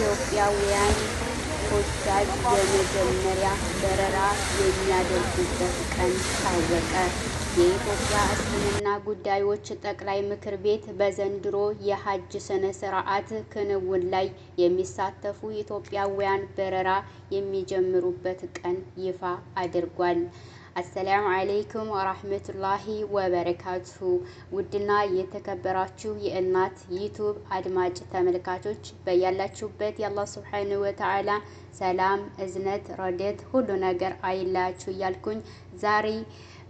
ኢትዮጵያውያን ወዳጅ የመጀመሪያ በረራ የሚያደርጉበት ቀን ታወቀ። የኢትዮጵያ እስልምና ጉዳዮች ጠቅላይ ምክር ቤት በዘንድሮ የሀጅ ስነ ስርዓት ክንውን ላይ የሚሳተፉ ኢትዮጵያውያን በረራ የሚጀምሩበት ቀን ይፋ አድርጓል። አሰላሙ አለይኩም ወራህመቱላሂ ወበረካቱሁ። ውድና የተከበራችሁ የእናት ዩቱብ አድማጭ ተመልካቾች በያላችሁበት የአላህ ስብሓን ወተዓላ ሰላም፣ እዝነት፣ ረደት ሁሉ ነገር አይላችሁ እያልኩኝ ዛሬ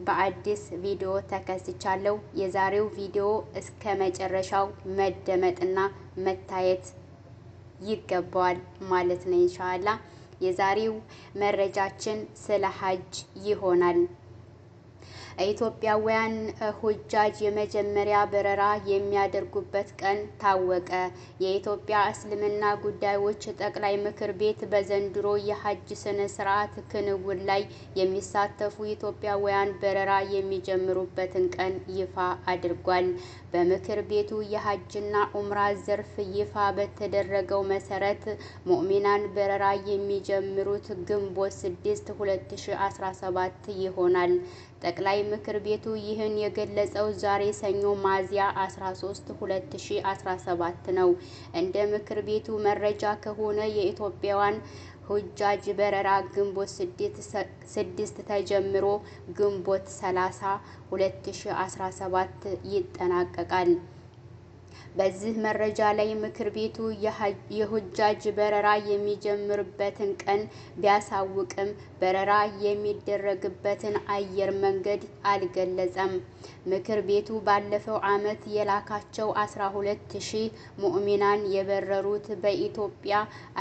በአዲስ ቪዲዮ ተከስቻለሁ። የዛሬው ቪዲዮ እስከ መጨረሻው መደመጥና መታየት ይገባዋል ማለት ነው ኢንሻአላህ። የዛሬው መረጃችን ስለ ሀጅ ይሆናል። ኢትዮጵያውያን ሁጃጅ የመጀመሪያ በረራ የሚያደርጉበት ቀን ታወቀ። የኢትዮጵያ እስልምና ጉዳዮች ጠቅላይ ምክር ቤት በዘንድሮ የሀጅ ስነ ስርዓት ክንውን ላይ የሚሳተፉ ኢትዮጵያውያን በረራ የሚጀምሩበትን ቀን ይፋ አድርጓል። በምክር ቤቱ የሀጅና ኡምራ ዘርፍ ይፋ በተደረገው መሰረት ሙእሚናን በረራ የሚጀምሩት ግንቦት 6 2017 ይሆናል። ጠቅላይ ምክር ቤቱ ይህን የገለጸው ዛሬ ሰኞ ማዚያ 13 2017 ነው። እንደ ምክር ቤቱ መረጃ ከሆነ የኢትዮጵያውያን ሁጃጅ በረራ ግንቦት ስድስት ተጀምሮ ግንቦት 30 2017 ይጠናቀቃል። በዚህ መረጃ ላይ ምክር ቤቱ የሁጃጅ በረራ የሚጀምርበትን ቀን ቢያሳውቅም በረራ የሚደረግበትን አየር መንገድ አልገለጸም። ምክር ቤቱ ባለፈው ዓመት የላካቸው 12 ሺህ ሙእሚናን የበረሩት በኢትዮጵያ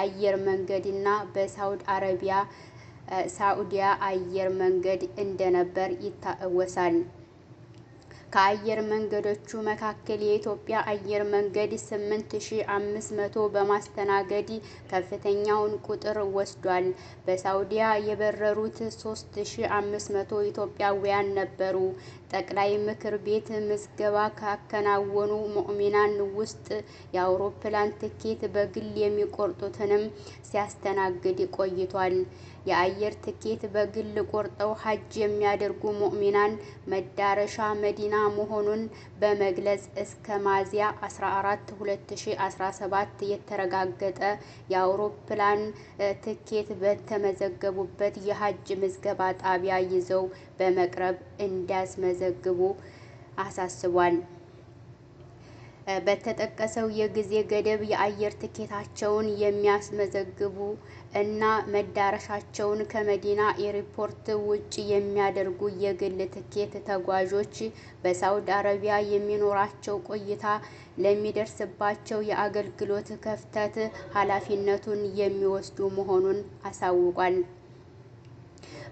አየር መንገድና በሳውዲ አረቢያ ሳዑዲያ አየር መንገድ እንደነበር ይታወሳል። ከአየር መንገዶቹ መካከል የኢትዮጵያ አየር መንገድ 8500 በማስተናገድ ከፍተኛውን ቁጥር ወስዷል። በሳውዲያ የበረሩት 3500 ኢትዮጵያውያን ነበሩ። ጠቅላይ ምክር ቤት ምዝገባ ካከናወኑ ሙእሚናን ውስጥ የአውሮፕላን ትኬት በግል የሚቆርጡትንም ሲያስተናግድ ቆይቷል። የአየር ትኬት በግል ቆርጠው ሀጅ የሚያደርጉ ሙእሚናን መዳረሻ መዲና መሆኑን በመግለጽ እስከ ሚያዝያ 14 2017 የተረጋገጠ የአውሮፕላን ትኬት በተመዘገቡበት የሀጅ ምዝገባ ጣቢያ ይዘው በመቅረብ እንዲያስመዘግቡ አሳስቧል። በተጠቀሰው የጊዜ ገደብ የአየር ትኬታቸውን የሚያስመዘግቡ እና መዳረሻቸውን ከመዲና ኤርፖርት ውጭ የሚያደርጉ የግል ትኬት ተጓዦች በሳውዲ አረቢያ የሚኖራቸው ቆይታ ለሚደርስባቸው የአገልግሎት ክፍተት ኃላፊነቱን የሚወስዱ መሆኑን አሳውቋል።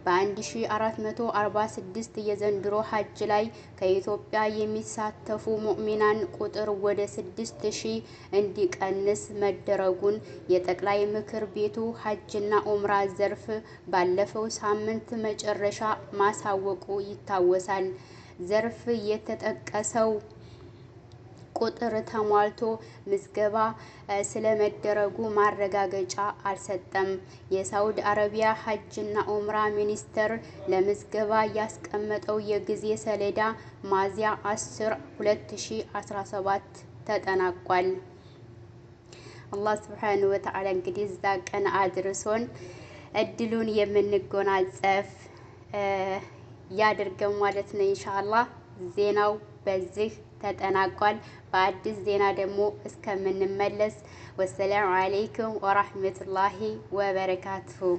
በ1446 የዘንድሮ ሀጅ ላይ ከኢትዮጵያ የሚሳተፉ ሙእሚናን ቁጥር ወደ 6000 እንዲቀንስ መደረጉን የጠቅላይ ምክር ቤቱ ሀጅና ኡምራ ዘርፍ ባለፈው ሳምንት መጨረሻ ማሳወቁ ይታወሳል። ዘርፍ የተጠቀሰው ቁጥር ተሟልቶ ምዝገባ ስለመደረጉ ማረጋገጫ አልሰጠም። የሳውድ አረቢያ ሀጅና ኡምራ ሚኒስቴር ለምዝገባ ያስቀመጠው የጊዜ ሰሌዳ ሚያዝያ 10 2017 ተጠናቋል። አላህ ሱብሓነሁ ወተዓላ እንግዲህ እዛ ቀን አድርሶን እድሉን የምንጎናጸፍ ያድርገን ማለት ነው። ኢንሻአላህ ዜናው በዚህ ተጠናቋል። በአዲስ ዜና ደግሞ እስከምንመለስ ወሰላሙ አሌይኩም ወራህመቱላሂ ወበረካቱሁ።